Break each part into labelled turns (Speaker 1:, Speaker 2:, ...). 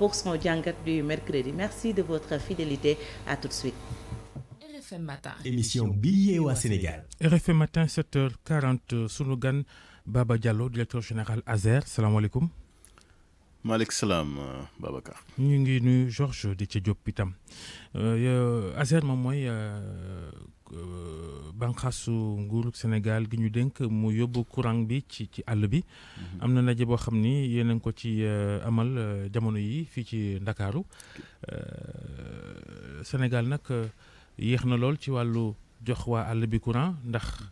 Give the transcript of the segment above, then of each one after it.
Speaker 1: pour son jàngat du mercredi de votre fidélité à tout de suite. RFM matin
Speaker 2: émission bi yee waa Sénégal.
Speaker 3: RFM matin sunu gan Baba Diallo directeur général ASER salaamaaleykum. maaleykum salaam Babacar. ñu ngi nuyu Georges Dieng Diop itam euh, ASER moom mooy. Euh, Euh, bànqaasu nguuru senegal gi ñu dénk mu yóbbu courant bi ci ci àll bi. Mhm. am na ndaje boo xam ni yéen a ko ci euh, amal euh, jamono yi fii ci Ndakaaru senegal nag yéex na lool ci wàllu jox waa àll bi courant ndax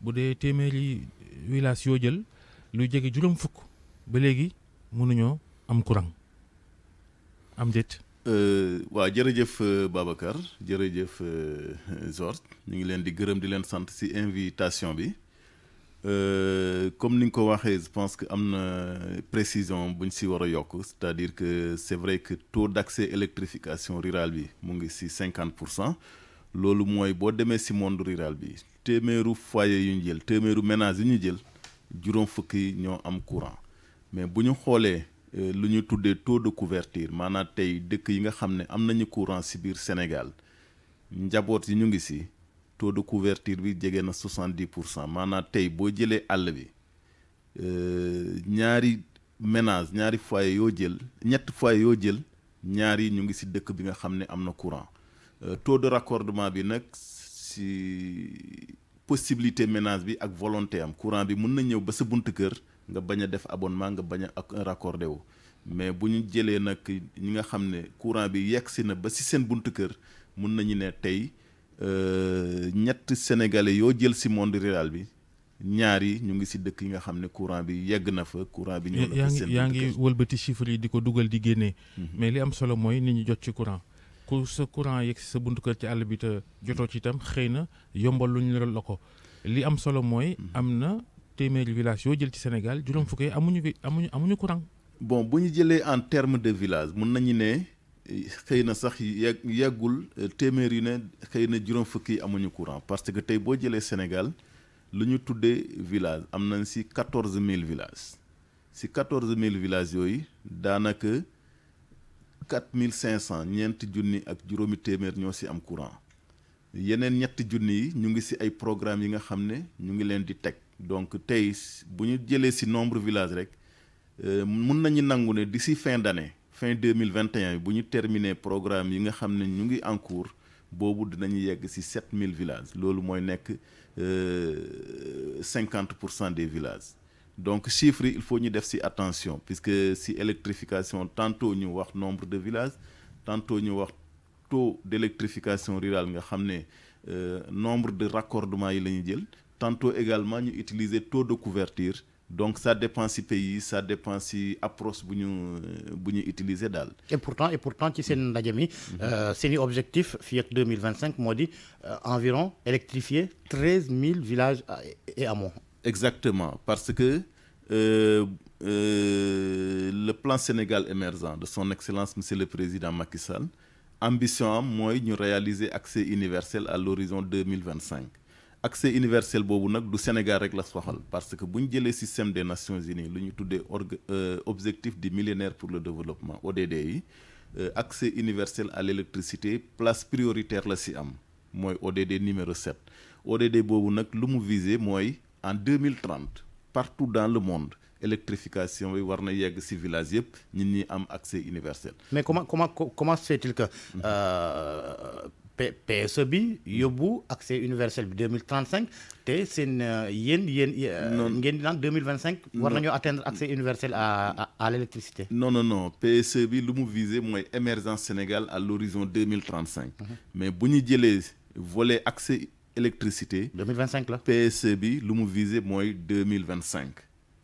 Speaker 3: bu dee téeméeri village yoo jël lu jege juróom fukk ba léegi mënuñoo am courant am
Speaker 2: déet. Euh, waa jërëjëf euh, Babacar jërëjëf euh, Georges ñu ngi leen di gërëm di leen sant ci invitation bi comme ni nga ko waxee je pense que am na précision bu ñu ci war a yokk c'est-à-dire que c'est vrai que taux d'accès électrification rural bi mu ngi ci cinquante pour cent loolu mooy boo demee si monde rural bi téeméeru foyer yu ñu jël téeméeru ménage yu ñu jël juróom fukk yi ñoo am courant mais bu ñu xoolee. Euh, lu ñu tuddee taux de couverture maanaam tey dëkk yi nga xam ne am nañu courant si biir Sénégal njaboot yi ñu ngi si taux de couverture bi jege na soixante-dix pour cent maanaam tey boo jëlee àll bi euh, ñaari ménage ñaari foyer yoo jël ñett foyer yoo jël ñaar ñu ngi si dëkk bi nga xam ne am na courant euh, taux de raccordement bi nag si possibilité ménage bi ak volonté am courant bi mun na ñëw ba sa buntu kër. nga bañ a def abonnement nga bañ a raccordé wu mais bu ñu jëlee nag ñi nga xam ne courant bi yegg si na ba si seen buntu kër mun nañu ne tey euh, ñett sénégalais yoo jël si monde rural bi ñaar yi ñu ngi si dëkk yi nga xam ne courant bi yegg na fa courant bi. ñëw na fa seen yaa
Speaker 3: ngi wëlbati chiffres yi di ko dugal di génnee. Mhm. mais li am solo mooy nit ñi jot ci courant. ku sa courant yegg si sa buntu kër ci àll bi te jotoo ci itam xëy na yombal lu ñu la ko li am solo mooy mhm. am na. téeméeri village yoo jël ci Sénégal juróom fukk yi amuñu amuñu amuñu courant.
Speaker 2: bon bu ñu jëlee en terme de village mun nañu ne xëy na sax yàgg yàggul euh, téeméer yu ne xëy na juróom fukk amuñu courant parce que tey boo jëlee Sénégal lu ñu tuddee village am nañ si quatorze mille villages si quatorze mille villages yooyu daanaka quatre mille cinq cent ñeenti junni ak juróomi téeméer ñoo si am courant yeneen ñetti junni yi ñu ngi si ay programmes yi nga xam ne ñu ngi leen di teg. donc tey bu ñu jëlee si nombre village rek euh, mun nañu nangu ne d'ici fin d'année fin deux mille vingt et un bu ñu terminer programme yi nga xam ne ñu ngi en cours boobu dinañu yegg si sept mille villages loolu mooy nekk euh, cinquante pour cent des village donc chiffres yi il faut ñu def si attention puisque si électrification tantôt ñu wax nombre de village tantôt ñu wax taux d'électrification rurale nga xam ne euh, nombre de raccordement yi la ñu jël tantôt également ñu utiliser taux de couverture donc ça dépend si pays ça dépend si approche bu ñu bu ñu utiliser daal.
Speaker 1: et pourtant et pourtant ci seen ndaje mi mhm. euh, seen i objectif fii ak deux mille cinq moo di euh, environ électrifier treize mille villages
Speaker 2: et hameaux. exactement parce que. Euh, Euh, le plan Sénégal émergent de son excellence monsieur le président Macky Sall ambition mooy ñu réaliser accès universel à l'horizon 2025 accès universel boobu nag du Sénégal rek la soxal parce que bu ñu jëlee système des Nations Unies lu ñu tuddee org euh, objectif di millénaire pour le développement ODD yi euh, accès universel à l'électricité place prioritaire la ci am mooy ODD numéro 7 ODD boobu nag lu mu visé mooy en 2030 partout dans le monde électrification bi war na yegg ci village yëpp ñun ñi am accès universel.
Speaker 1: mais comment comment comment se fait-il que. Euh, PSE bi yóbbu accès universel bi 2035 te seen euh, yéen yéen euh, ngeen di naan 2025 war nañoo atteindre accès universel à à l'électricité non non non
Speaker 2: PSE bi lu mu visé mooy émergence Sénégal à l'horizon 2035 mhm. mais bu ñu jëlee volet accès électricité 2025 la PSE bi lu mu visé mooy 2025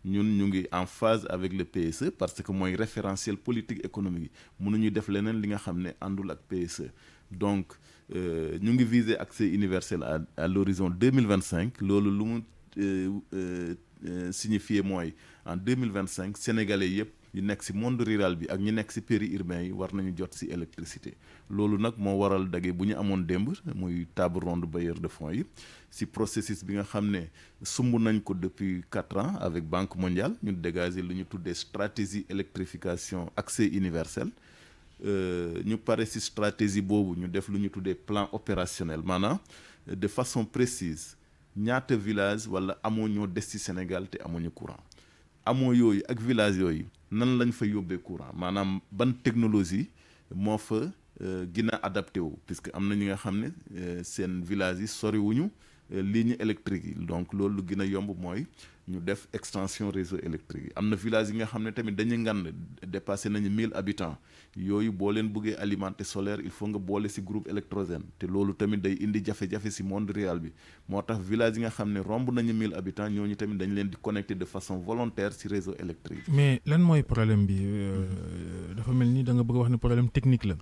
Speaker 2: ñun ñu ngi en phase avec le PSE parce que mooy référentiel politique économique yi ñu def leneen li nga xam ne àndul ak PSE donc Euh, ñu ngi viser accès universel à à l'horizon mille vingt cinq loolu lu mu euh, euh, signifier mooy en deux mille vingt cinq sénégalais yëpp ñu nekk ci monde rural bi ak ñu nekk ci périurbain yi war nañu jot ci électricité loolu nag moo waral daje bu ñu amoon démb muy table ronde bailleurs de fonds yi ci processus bi nga xam ne sumb nañ ko depuis quatre ans avec Banque mondiale ñu dégager lu ñu tuddee stratégie électrification accès universel Euh, ñu pare ci stratégie boobu ñu def lu ñu tuddee plan opérationnel maanaam euh, de façon précise ñaata village walla amoo ñoo des ci Sénégal te amuñu courant amoo yooyu ak village yooyu nan lañu fa yóbbee courant maanaam ban technologie moo fa euh, gën a adapté wu puisque am na ñi nga xam ne seen village yi soriwuñu ligne électrique yi donc loolu lu gën a yomb mooy ñu def extension réseau électrique yi am na village yi nga xam ne tamit dañu ngan dépassé nañu mille habitants yooyu boo leen bëggee alimenter solaire il faut nga boole si groupe électrogène te loolu tamit day indi jafe-jafe ci monde bi moo tax village yi nga xam ne romb nañu mille habitants ñooñu tamit dañ leen di connecter de façon volontaire ci réseau électrique mais
Speaker 3: lan mooy problème bi euh, dafa mel ni danga nga bëgg wax ne problème technique la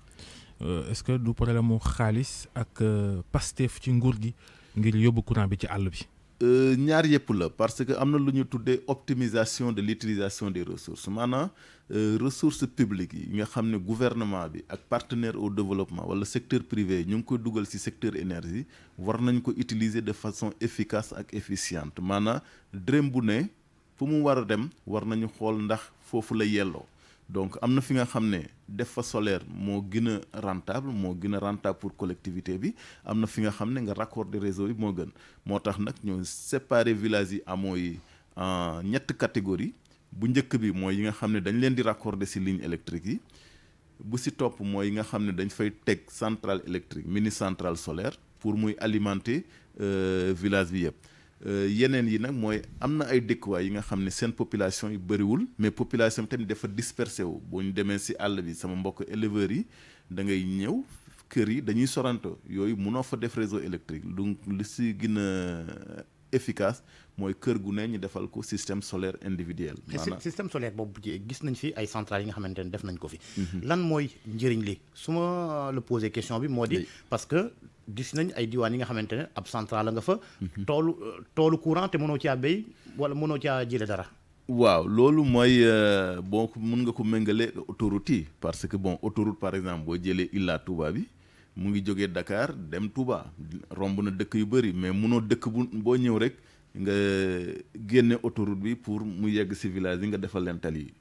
Speaker 3: euh, est-ce que du problème mu xaalis ak euh, Pastef ci nguur gi ngir yóbbu courant bi ci àll bi
Speaker 2: Euh, ñaar yëpp la parce que am na lu ñu tuddee optimisation de l'utilisation des ressources maanaam euh, ressources publiques yi nga xam ne gouvernement bi ak partenaire au développement wala secteur privé ñu ngi koy dugal ci secteur énergie war nañ ko utiliser de façon efficace ak efficiente maanaam dërëm bu ne fu mu war a dem war nañu xool ndax foofu la yelloo donc am na fi nga xam ne def fa solaire moo gën a rentable moo gën a rentable pour collectivité bi am na fi nga xam ne nga raccorder réseau yi moo gën moo tax nag ñoo séparer villages yi amoo yi ñett catégorie bu njëkk bi mooy yi nga xam ne dañ leen di raccorder ci ligne électrique yi bu si topp mooy yi nga xam ne dañ fay teg centrale électrique mini centrale solaire pour muy alimenter euh, village bi yëpp Euh, yeneen yi nag mooy am na ay dëkkuwaay yi nga xam ne seen population yu bëriwul mais population bi tamit dafa dispersé wu boo ñu demee si àll bi sama mbokk éleveurs yi da ngay ñëw kër yi dañuy soranto yooyu munoo fa def réseau électrique lu lu si gën a efficace mooy kër gu ne ñu defal ko système
Speaker 1: solaire individuel. maanaam système solaire boobu gis nañ fi ay centrales yi nga xamante ne def nañ ko fi. Mhm. lan mooy njëriñ li su ma euh, la posé question bi moo di. parce que gis nañ ay diwaan yi nga xamante ne ab centrale la nga fa. Mhm. toolu euh, toolu courant te mënoo caa béy wala mënoo caa jële dara.
Speaker 2: waaw loolu mooy euh, bon mun nga ko méngale autoroute yi parce que bon autoroute par exemple boo jëlee Ila Touba yi mu ngi jóge Dakar dem Touba romb na dëkk yu bëri mais munoo dëkk boo ñëw rek nga génne autoroute bi pour mu yegg si village yi nga defal leen yi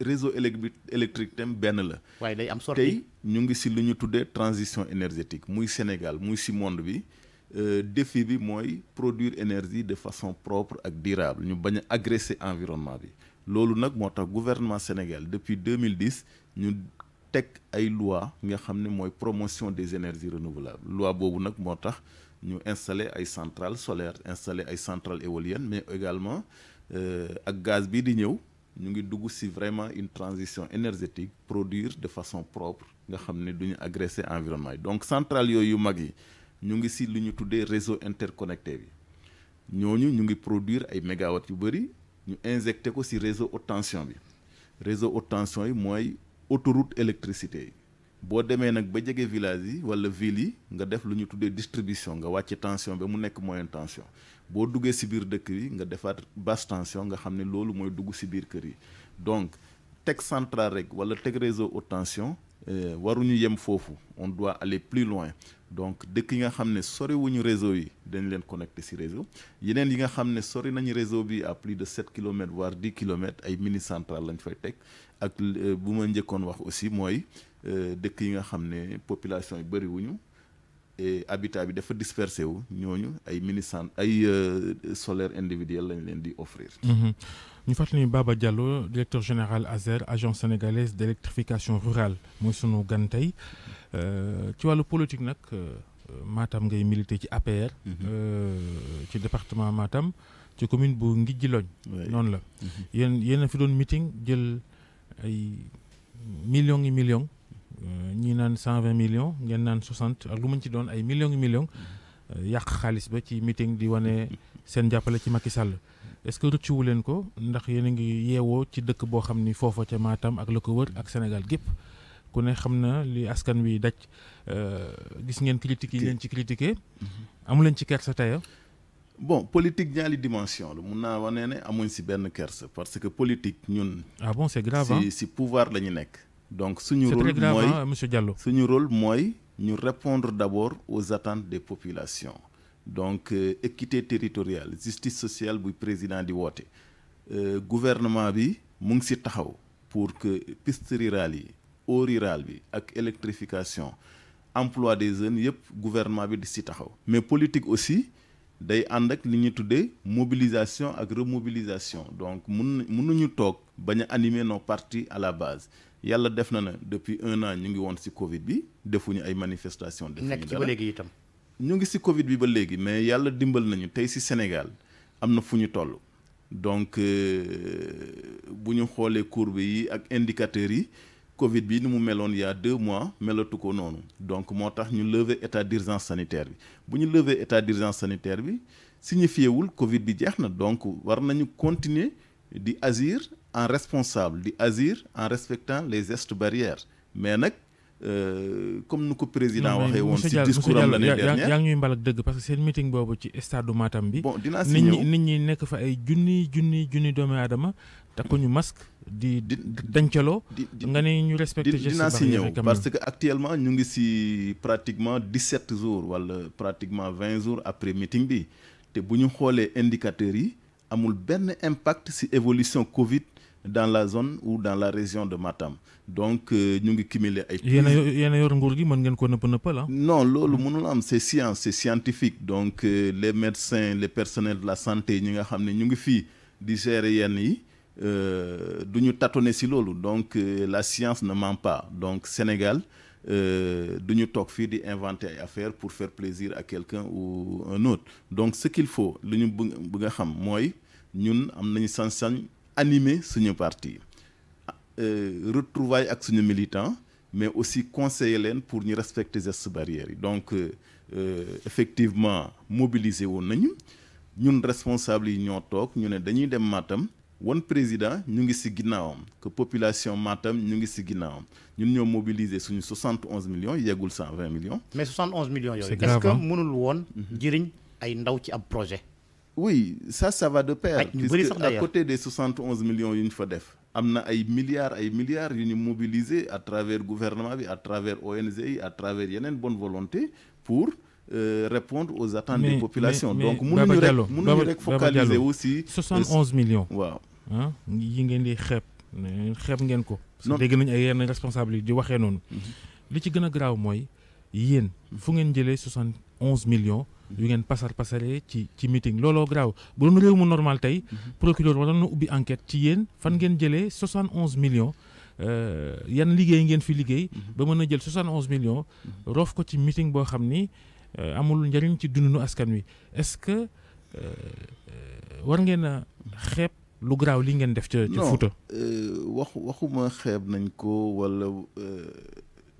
Speaker 2: réseau électrique électrique tam benn la. waaye day am sorti tey ñu ngi si lu ñu tuddee transition énergétique muy Sénégal muy si monde bi euh, défi bi mooy produire énergie de façon propre ak durable ñu bañ a agresser environnement bi loolu nag moo tax gouvernement Sénégal depuis 2010 ñu. teg ay loi nga xam ne mooy promotion des énergies renouvelables loi boobu nag moo tax ñu installer ay centrales solaires installer ay centrales éoliennes mais également euh, ak gaz bii di ñëw ñu ngi dugg ci vraiment une transition énergétique produire de façon propre nga xam ne du ñu agresser environnement yi donc centrales yooyu mag yi ñu ngi ci lu ñu tuddee réseau interconnecté bi ñooñu ñu ngi produire ay mégawatts yu bëri ñu injecté ko ci réseau haute tension bi réseau haute yi mooy autoroute électricité yi boo demee nag ba jege village yi wala ville yi nga def lu ñu tuddee distribution nga wàcc tension ba mu nekk moyenne tension boo duggee si biir dëkk yi nga defaat basse tension nga xam ne loolu mooy dugg si biir kër yi donc teg central rek wala teg réseau haute tension Euh, waruñu yem foofu on doit aller plus loin donc dëkk yi nga xam ne sori wuñu réseau yi dañ leen connecté si réseau yeneen yi nga xam ne sori nañu réseau bi à plus de sept kilomètres voire dix kilomètres ay mini centrale lañ fay teg ak euh, bu ma njëkkoon wax aussi mooy euh, dëkk yi nga xam ne population yi bëri wuñu et habitat bi dafa dispersé wu ñooñu ay mini centre ay solaire individuel lañ leen di offrir mm-hmm.
Speaker 3: ñu fàttali ni Baba Diallo directeur général ASER agent sénégalaise d' électrification rurale mooy sunu gan tey euh, ci wàllu politique nag euh, maatam ngay milité ci APR. Mhm. Euh, ci département Matam ci commune bu Ngidjiloñ. noonu la mhm. yéen yéen a fi doon meeting jël ay million yi millions. ñii naan cent vingt ngeen naan soixante ak lu mañ ci doon ay millions yi millions. Mhm. yàq xaalis ba ci meeting di wane seen jàppale ci Macky Sall. est-ce que rëccuwu leen ko ndax yéen a ngi yeewoo ci dëkk boo xam ni foofa ca Matam ak la ko wër ak Sénégal gépp ku ne xam na li askan wi daj euh, gis ngeen critiques yi leen ci critiqué mhm. amu leen ci kersa taya ah?
Speaker 2: bon politique ñaari dimension la mun naa wane ne amuñ si benn kersa parce que politique ñun ah bon c'est grave si si pouvoir la ñu nekk donc suñu rôle mooy monsieur Diallo suñu rôle mooy ñu répondre d'abord aux attentes des population donc euh, équité territoriale justice sociale buy président di woote euh, gouvernement bi mu ngi si taxaw pour que piste rurale yi eau rurale bi ak électrification emploi des jeunes yëpp gouvernement bi di si taxaw mais politique aussi day ànd ak li ñuy tuddee mobilisation ak remobilisation donc mun na na mun ñu toog bañ a animer nos partis à la base yàlla def na na depuis un an ñu ngi woon si covid bi defuñu ay manifestation defuñu dara nekk ci ñu ngi si Covid bi ba léegi mais yàlla dimbal nañu tey si Sénégal am na fu ñu toll donc euh, bu ñu xoolee courbe yi ak indicateurs yi Covid bi ni mu meloon y deux mois melatu ko noonu donc moo tax ñu lever état d'urgence sanitaire bi bu ñu lever état d'urgence sanitaire bi signifié wul Covid bi jeex na donc war nañu continuer di asir en responsable di asir en respectant les gestes barrières mais nag. Euh, comme nu ko président waxee woon si discours am l'année dernière yaa
Speaker 3: ngi ñuy mbal ak dëgg parce que seen meeting boobu ci stade du Matam bi. bon dinaa si ñëw nit ñi nit nekk fa ay junni junni junni doomu aadama takkuñu masque di dencaloo. nga ne ñu respecté geste dinaa si ñëw parce
Speaker 2: que actuellement ñu ngi si pratiquement dix sept jours wala pratiquement vingt jours après meeting bi te bu ñu xoolee indicateurs yi amul benn impact si évolution Covid. dans la zone ou dans la région de Matam donc euh, ñu ngi cumuler ay.
Speaker 3: yéen a yor nguur gi mën ngeen ko nëpp nëppal ah.
Speaker 2: non loolu mënul am c'est science c'est scientifique donc euh, les médecins les personnels de la santé ñi nga xam ne ñu ngi fii di gérer yenn yi euh, du ñu tâtonner ci loolu donc la science ne ment pas donc Sénégal. du ñu toog fii di inventer ay affaires pour faire plaisir à quelqu'un ou un autre donc ce qu'il faut lu ñu bëgg bëgg a xam mooy ñun am nañu sañ-sañ animer suñu parti euh, retrouvaille ak suñu militant mais aussi conseiller leen pour ñu respecter gestes barrières yi donc euh, euh, effectivement mobiliser woon nañu ñun responsable yi ñoo toog ñu ne dañuy dem Matam wan président ñu ngi ci ginnaawam que population Matam ñu ngi ci ginnaawam ñun ñoo mobiliser suñu 71 millions yeggul 120 millions.
Speaker 1: mais 71 millions yooyu. est-ce que mënul woon. Mhm. jëriñ ay ndaw ci ab projet. oui ça ça va de pair puisque à
Speaker 2: millions yu ñu fa def am na ay milliards ay milliards yu ñu mobiliser à travers gouvernement bi à travers ONG yi à travers yeneen bonne volonté pour Euh, répondre aux attentes des populations donc mënuñu rek mënuñu rek focaliser aussi 71 euh, millions waaw
Speaker 3: ah yi ngeen di xeeb xeeb ngeen ko parce que dégg nañu ay yenn responsable yi di waxee noonu mhm. li ci gën a garaaw mooy yéen fu ngeen jëlee 71 millions yu ngeen pasar pasare ci ci meeting looloo graaw bu doon réew mu normal tey mhm. procureur waroon na ubbi enquête ci yéen fan ngeen jëlee 71 millions euh, yan liggéey ngeen fi liggéey mhm. ba mën a jël 71 millions mhm. roof ko ci meeting boo xam ni euh, amul njëriñ ci dundunu askan wi est-ce que euh, war ngeen a xeeb lu graaw li ngeen def ca ca Fuuta
Speaker 2: waxu waxuma xeeb nañ ko walla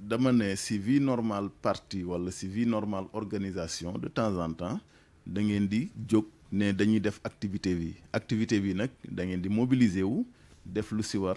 Speaker 2: dama ne si vie normale parti wala si vie normal organisation de temps en temps da ngeen di jóg ne dañuy def activité bi activité bi nag da ngeen di mobiliser wu def lu si war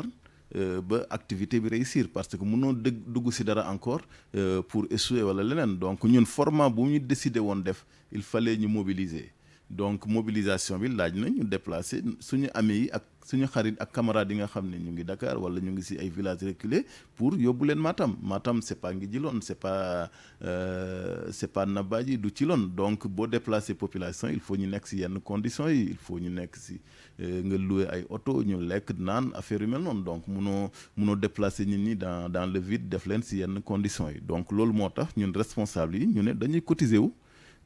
Speaker 2: euh, ba activité bi réussir parce que mënoo dëgg dugg si dara encore euh, pour échouer wala leneen donc ñun format bu ñu décidé woon def il fallait ñu mobiliser. donc mobilisation bi laaj na ñu déplacé suñu amee yi ak suñu xarit ak camarades yi nga xam ne ñu ngi dakaar wala ñu ngi si ay villages reculés pour yóbbu leen Matam Matam c'est pas Nguidjilone c'est pas euh, c'est pas Nabadji du ci loon donc boo déplacé population il faut ñu nekk si yenn conditions yi il faut ñu nekk si euh, nga louer ay oto ñu lekk naan affaire yu mel noonu donc munoo munoo déplacé nit ñi dans dans le vide def leen si yenn conditions yi donc loolu moo tax ñun responsables yi ñu ne dañuy cotiser wu.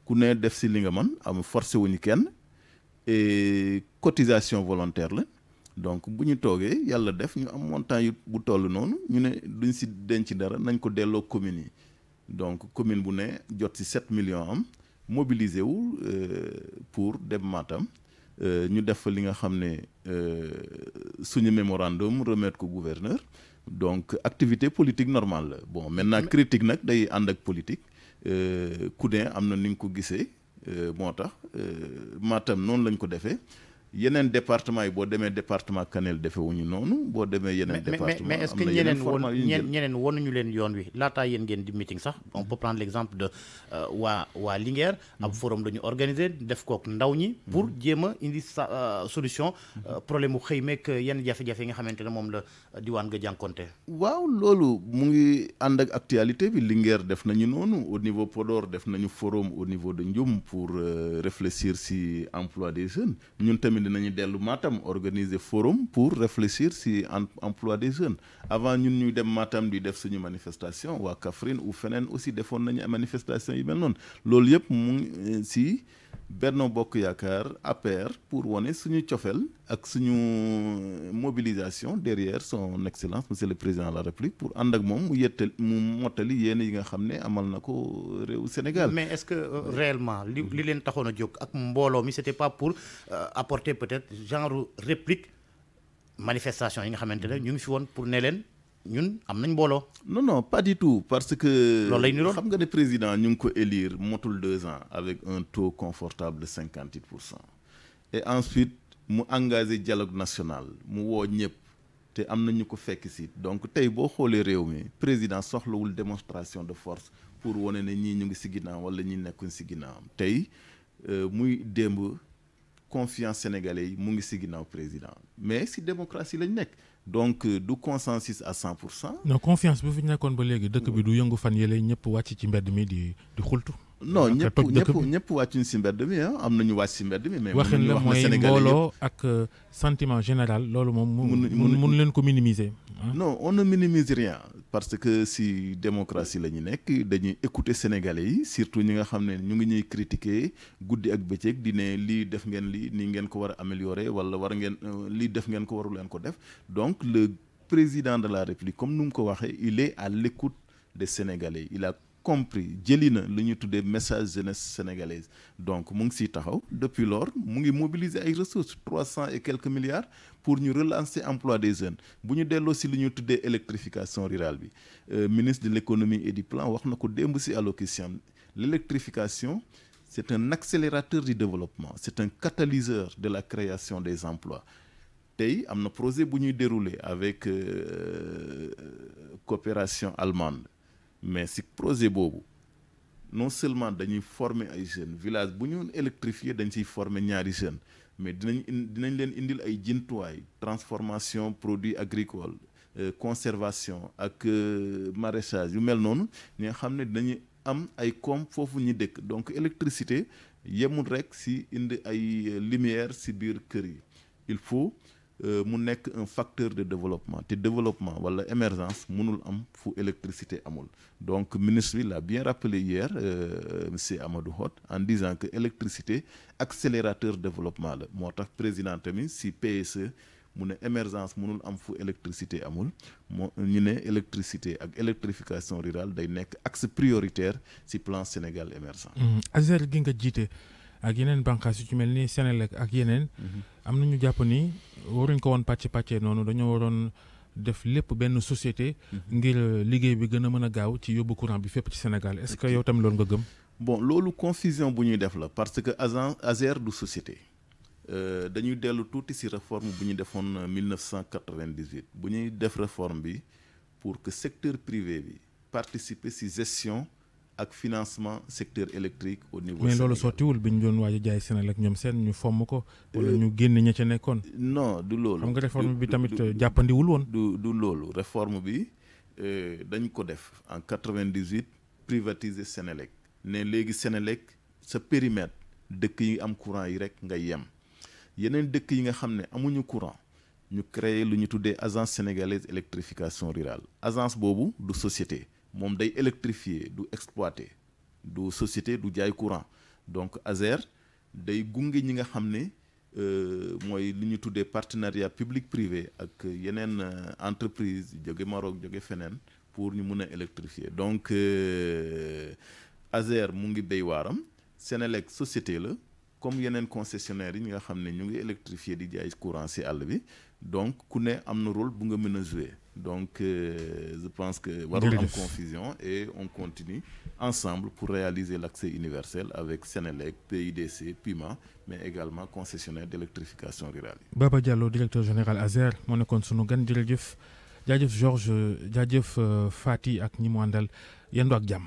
Speaker 2: ku ne def si li nga mën am wu ñu kenn et cotisation volontaire la donc bu ñu toogee yàlla def ñu am montant yu bu toll noonu ñu ne duñ si denc dara nañ ko delloo communes yi donc commune bu ne jot si 7 million am mobiliser wu euh, pour dem Matam euh, ñu def fa li nga xam ne euh, suñu mémorandum remettre ko gouverneur donc activité politique normal la bon maintenant critique nag day ànd ak politique Coudin euh, am na ni ñu ko gisee euh, moo tax euh, Matam noonu lañ ko defee yeneen département yi boo demee département Kanel defewuñu noonu boo demee yeneen département mais est-ce que ñeneen woon ñeneen
Speaker 1: wonuñu leen yoon wi laataa yéen ngeen di meeting sax on peut prendre l'exemple de euh, waa waa Linguère mm-hmm. ab forum dañu organiser def kook ndaw ñi pour mm-hmm. jéem a indi sa euh, solution euh, mm-hmm. problème mu xëy meek yenn jafe nga xamante ne moom la diwaan nga jànkonte
Speaker 2: waaw loolu mu ngi ànd ak actualité bi Linguère def nañu noonu au niveau Podor def nañu forum au niveau de njum pour réfléchir si emploi des jeunes mi ñu dellu maatam organiser forum pour réfléchir si emploi des jeunes avant ñun ñuy dem maatam di def suñu manifestation waa Kaffrine ou feneen aussi defoon nañu manifestation yi mel noonu loolu yëpp mu eh, si Benno Bokk Yaakaar APR pour wane suñu cofeel ak suñu mobilisation derrière son excellence monsieur le président de la république pour ànd ak moom mu yettal mu mottali yéen yi nga xam ne amal na ko réew Sénégal. mais
Speaker 1: est-ce que euh, réellement li li leen taxoon a jóg ak mbooloo mi c'était pas pour euh, apporter peut-être genre réplique manifestation yi nga xamante ne ñu ngi fi woon pour ne leen. ñun am nañ mbooloo. non non pas du tout parce que. loolu lay
Speaker 2: niroon xam nga ne président ñu ngi ko élire motul deux ans avec un taux confortable de cinquante pour cent et ensuite mu engagé dialogue national mu woo ñëpp te am na ñu ko fekk si donc tey boo xoolee réew mi président soxlawul démonstration de force pour wane ne ñii ñu ngi si ginnaaw wala ñi nekkuñ si ginnaaw tey euh, muy démb. confiance sénégalais yi mu ngi si ginnaaw président mais si démocratie lañ nekk donc euh, du consensus à cent pour cent
Speaker 3: non confiance bi fi nekkoon ba léegi dëkk bi du yëngu fan yële ñëpp wàcc ci mbedd mi di di xultu non ñëpp ñëpp
Speaker 2: ñëpp wàccuñ si mbedd mi ah am nañu wàcc si mbedd mi mais waxin la mooy mbooloo ak euh, sentiment général
Speaker 3: loolu moom mun mun leen ko minimiser
Speaker 2: non on ne minimise rien parce que si démocratie la ñu nekk dañuy écouter sénégalais yi surtout ñi nga xam ne ñu ngi ñuy critiquer guddi ak bëccëg di ne lii def ngeen li nii ngeen ko war a améliorer wala war ngeen euh, lii def ngeen ko waru leen ko def donc le président de la république comme nu mu ko waxee il est à l'écoute des sénégalais il compris jëli na lu ñuy tuddee message jeunesse sénégalaise donc mu ngi siy taxaw depuis lors mu ngi mobiliser ay ressources trois cent et quelques milliards pour ñu relancer emploi des jeunes bu ñu delloo si lu ñu tuddee électrification rurale bi euh, ministre de l'économie et du plan wax na ko démb si allocution l'électrification c'est un accélérateur du développement c'est un catalyseur de la création des emplois tey am na projet bu ñuy dérouler avec euh, coopération allemande mais si projet boobu non seulement dañuy former ay jeunes village bu ñu électrifié dañ siy former ñaari jeunes mais dinañ dinañ leen indil ay jëntuwaay transformation produits agricole euh, conservation ak euh, maraîchage yu mel noonu ñi nga xam ne dañuy am ay koom foofu ñu dëkk donc électricité yemul rek si indi ay euh, lumière si biir kër yi il faut Euh, mu nekk un facteur de développement te développement wala émergence mënul am fu électricité amul donc ministre bi l'a bien rappelé hier euh, monsieur Amadou Hott en disant que électricité accélérateur développement la moo tax président tamit si PSE mu ne émergence munul am fu électricité amul moo ñu ne électricité ak électrification rurale day nekk ak prioritaire ci plan Sénégal émergent.
Speaker 3: Mmh. gi nga jiite. ak yeneen bànqaas yu ci mel ni Senelec ak yeneen. Mhm. am na ñu jàpp ni waruñ ko woon pàcc pàcce noonu dañoo waroon def lépp benn société. Mhm. ngir liggéey bi gën a mën a gaaw ci yóbbu courant bi fépp ci Sénégal est-ce que yow tam loolu nga gëm.
Speaker 2: bon loolu confusion bu ñuy def la parce que agent ASER du société. Euh, dañuy dellu tuuti ci réforme bu ñu defoon 1998 bu ñuy def réforme bi pour que secteur privé bi participer ci gestion. ak financement secteur électrique au niveau. mais loolu
Speaker 3: sottiwul bi ñu doon waaj a jaay Sénégal ñoom seen ñu fomm ko. Euh, wala ñu génn ña ca nekkoon.
Speaker 2: non du loolu. xam nga réforme bi tamit jàppandiwul woon. du du loolu reforme bi euh, dañ ko def en 98 privatiser Sénélec ne léegi Sénélec sa périmètre dëkk yi am courant yi rek nga yem yeneen dëkk yi nga xam ne amuñu courant ñu créer lu ñu tuddee agence sénégalaise électrification rurale agence boobu du société. moom day électrifier du exploiter du société du jaay courant donc ASER day gunge ñi nga xam ne euh, mooy li ñu tuddee partenariat public privé ak yeneen euh, entreprise jóge Maroc jóge feneen pour ñu mun a électrifier donc euh, ASER mu ngi béy waaram Senelec société la comme yeneen concessionnaire yi ñi nga xam ne ñu ngi électrifier di jaay courant si àll bi donc ku ne am na rôle bu nga mën a jouer donc euh, je pense que warul am confusion et on continue ensemble pour réaliser l'accès universel avec Sénélec PIDC PUMA mais également concessionnaire d'électrification rurale
Speaker 3: yi Baba Diallo directeur général ASER moo ne kon sunu gan jërëjëf jaajëf Georges jaajëf euh, Fati ak ñi mu yendu ak jàmm